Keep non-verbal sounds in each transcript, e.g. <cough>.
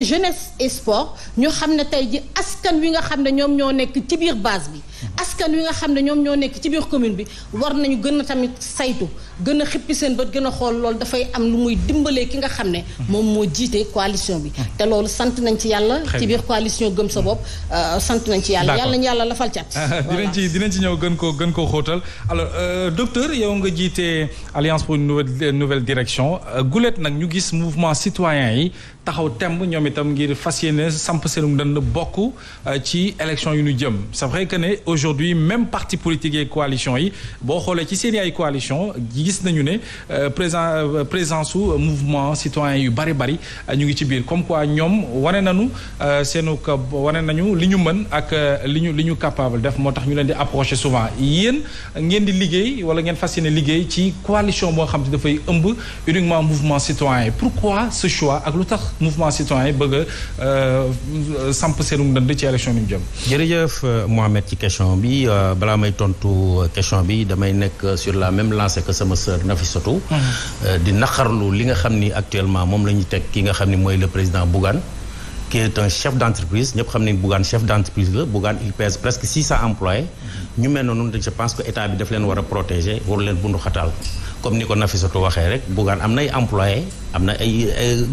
jeunesse et sport ñu xam ne tey ji askan wi nga xam ne ñoom ñoo nekk ci biir base bi askan wi nga xam ne ñoom ñoo nekk ci biir commune bi war nañu gën a tamit saytu gën a xippi seen bët gën a xool loolu dafay am lu muy dimbalee ki nga xam ne moom moo jiite coalition bi te loolu sant nañ ci yàlla ci biir coalition gëm sa bopp euh, sant nañ ci yàlla yàlla nañ yàlla lafal cat ah, ah, dinañ ci dinañ ci ñëw gën ko gën ko xóotal alors euh, docteur yow nga jiitee alliance pour une nouvelle direction euh, gulet nag ñu gis mouvement citoyen yi itam ngir fas yéene samp seenum dënd bokk euh, ci élection yu ñu jëm c'est vrai que ne aujourd'hui même parti politique et coalition yi boo xoolee ci seen ay coalition gis nañu ne euh, présent euh, présence su mouvement citoyen yu bari bari ñu ngi ci biir comme quoi ñoom wane nañu seenu wane nañu li ñu mën ak li ñu li ñu capable def moo tax ñu leen di approcher souvent yéen ngeen di liggéey wala ngeen fas yéene liggéey ci coalition boo xam te dafay ëmb uniquement mouvement citoyen pourquoi ce bëgg a euh, samp seenum dënd ci élection ni mu jërëjëf euh, Mohamed ci question bi euh, balaa may tontu question bi damay nekk sur la même lancée que sama na sœur Nafissatou di naqarlu li nga xam ni actuellement moom la ñu teg ki nga xam ni mooy le président buggan qui est un chef d'entreprise ñëpp xam nañ Bougane chef d'entreprise la Bougane il pèse presque 600 employés ñu mel noonu je pense que état bi daf leen war a protéger waru leen bundu xataal comme ni ko Nafisatu waxee rek Bougane am nay employé am na ay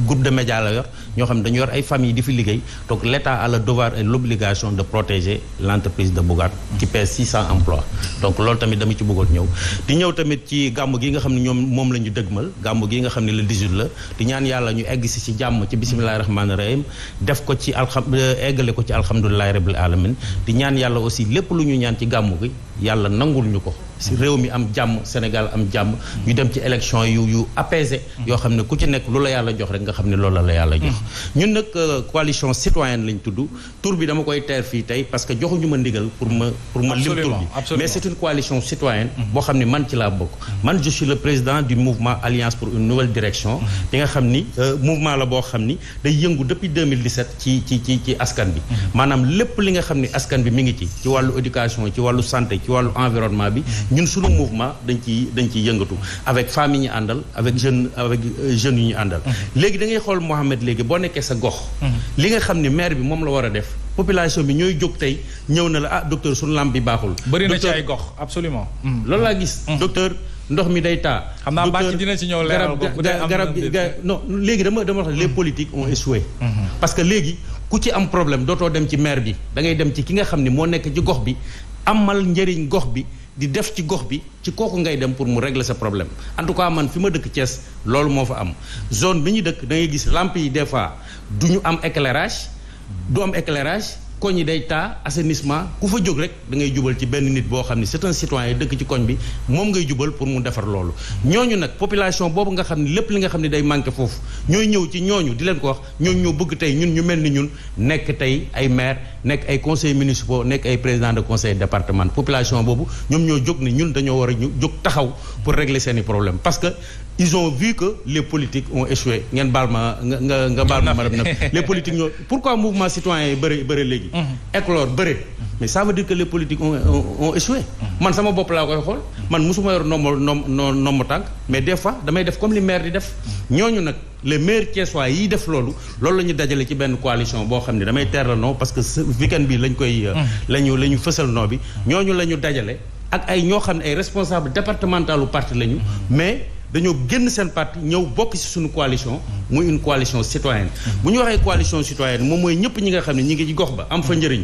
groupe de médias la yor ñoo xam ne dañu yor ay famille di fi liggéey donc l' état a le devoir et de protéger l' de Bougane qui pèse 600 emploi donc loolu tamit dama ci bëggoon ñëw di ñëw tamit ci gàmm gi nga xam ne ñoom moom la ñu dëgmal gàmm gi nga xam ne le 18 la di ñaan yàlla ñu egg si ci jàmm ci bisimilahi rahmaani rahim def ko ci alxam euh, eggale ko ci alhamdulilahi rabil alamin di ñaan yàlla aussi lépp lu ñu ñaan ci gàmm gi yàlla nangul ñu ko si réew mi am jàmm Sénégal am jàmm ñu dem ci élection yu yu apaisé yoo xam ne ku ci nekk lu la yàlla jox rek nga xam ne loolu la yàlla jox ñun nag euh, coalition citoyenne lañ tudd tur bi dama koy teer fii tey parce que joxuñu ma ndigal pour ma pour ma lim tur bi mais c'est une coalition citoyenne mhm. boo xam ne man ci laa bokk man je suis le président du mouvement alliance pour une nouvelle direction bi mhm. nga xam ni euh, mouvement la boo xam ni day yëngu depuis 2017 ci ci ci ci askan bi mhm. maanaam lépp li nga xam ne askan bi mi ngi ci ci wàllu éducation ci wàllu santé ci wàllu environnement bi ñun su suñu mouvement dañ ciy dañ ciy yëngatu avec famille yi ñu àndal avec jeune avec euh, jeunes yu ñu àndal mhm. léegi da ngay xool Mohamed léegi boo nekkee sa gox mhm. li nga xam ne maire bi moom la war a def population bi ñooy jóg tey ñëw na la ah docteur su lamp bi baaxul bëri na ci ay gox absolument mhm. loolu laa gis docteur ndox mi day taa. xam naa bàcc dina ci ñëw leeral ko garab gi non léegi dama dama wax les politiques ont échoué. parce que léegi ku ci am problème dootoo dem ci maire bi da dem ci ki nga xam ni moo nekk ci gox bi amal njëriñ gox bi. di def ci gox bi ci kooku ngay dem pour mu régler sa problème en tout cas man fi ma dëkk cees loolu moo fa am zone bi ñu dëkk da gis làmp yi des fois du ñu am éclairage du am éclairage koñ yi day taa assainissement ku fa jóg rek dangay jubal ci benn nit boo xam ne c'est un citoyen dëkk ci koñ bi moom ngay jubal pour mu defar loolu ñooñu nag population boobu nga xam ne lépp li nga xam ne day manqué foofu ñooy ñëw ci ñooñu di leen ko wax ñooñu ñoo bëgg tey ñun ñu mel ni ñun nekk tey ay maire nekk ay conseils municipaux nekk ay président de conseil département population boobu ñoom ñoo jóg ne ñun dañoo war a jóg taxaw pour régler seeni problème parce que ils ont vu que les politiques ont échoué ngeen baal ma nga baal ma madame nag <laughs> les politiques ñoo pourquoi mouvement citoyen yi bëri léegi mhm. éclore bëri mais ça que les politiques ont ont mhm. man sama bopp laa koy xool man mosuma yor nomb nomb tànk mais des damay def comme li les maires Thiessois yi def loolu loolu la ñu dajale ci benn coalition boo xam ne damay teer la non que weekend bi lañ koy euh, mm. la ñu la ñu fësal noo bi ñooñu la ñu dajale ak ay ñoo xam ne ay responsable départementalu parti lañu mais dañoo génn seen parti ñëw bokk ci suñu coalition muy une coalition citoyenne mm. bu ñu waxee coalition citoyenne moom mooy ñëpp ñi nga xam ne ñi ngi ci gox ba am fa mm. njëriñ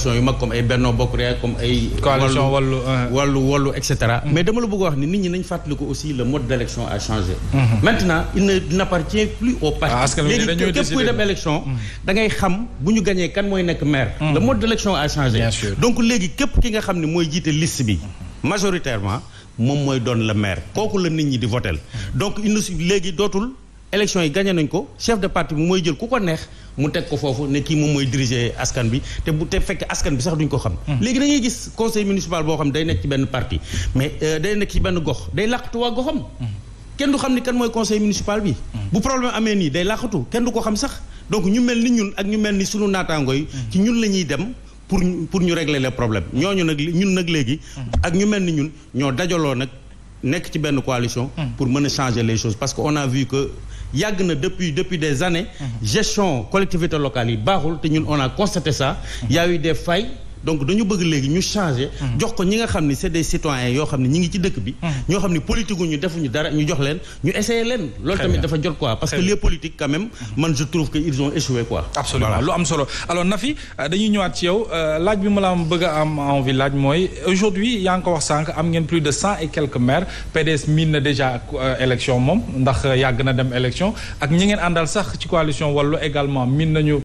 coalition yu mag comme ay Benno Bokk Yaakaar comme ay. coalition wallu wallu ah. wallu et mais dama la bëgg a wax ni nit ñi nañ fàttaliku aussi le mode d' a changé. Mhm. maintenant il ne n' appartient plus au parti. Ah, léegi képp mhm. xam bu ñu gañee kan mooy nekk maire. Mhm. le mode d' élection a changé. bien léegi képp ki nga xam ni mooy jiite list bi. majoritairement moom mooy doon le maire kooku la nit ñi di votel donc il léegi dootul. élection yi gagné nañ ko chef de parti bi mooy jël ku ko neex mu teg ko foofu ne kii moom mooy diriger askan bi te bu te fekk askan bi sax duñ ko xam. Hmm. léegi dañuy gis conseil municipal boo xam day nekk ci benn parti mais euh, day nekk ci benn gox day làqatu waa goxam. Hmm. kenn du xam ni kan mooy conseil municipal bi. Hmm. bu problème amee nii day làqatu kenn du ko xam sax donc ñu mel ni ñun ak ñu mel ni sunu naataangoo yi. ci ñun la dem. pour ñu régler les problèmes ñooñu nag ñun nag léegi. ak ñu ñun ñoo dajaloo nag nekk ci benn coalition. pour a changer les a yàgg na depuis depuis des années mhm. gestion collectivité locale yi baaxul te ñun on a constaté ça mhm. y a eu des failles donc dañu bëgg léegi ñu changer. jox ko ñi nga xam ni c'est des citoyens yoo xam ne ñi ngi ci dëkk bi. ñoo xam ni politique ñu defuñu dara ñu jox leen ñu essayer leen. loolu tamit dafa jot quoi parce que les politiques quand même. man je trouve que ils ont échoué quoi. absolument lu am solo na Nafi euh, dañuy ñëwaat ci yow euh, laaj bi ma la am bëgg a am envie laaj mooy aujourd'hui yaa ngi ko wax sànq am ngeen plus de cent et quelques maires PDS miin na déjà euh, élection moom ndax yàgg na dem élection ak ñi ngeen àndal sax ci coalition wàllu également miin nañu.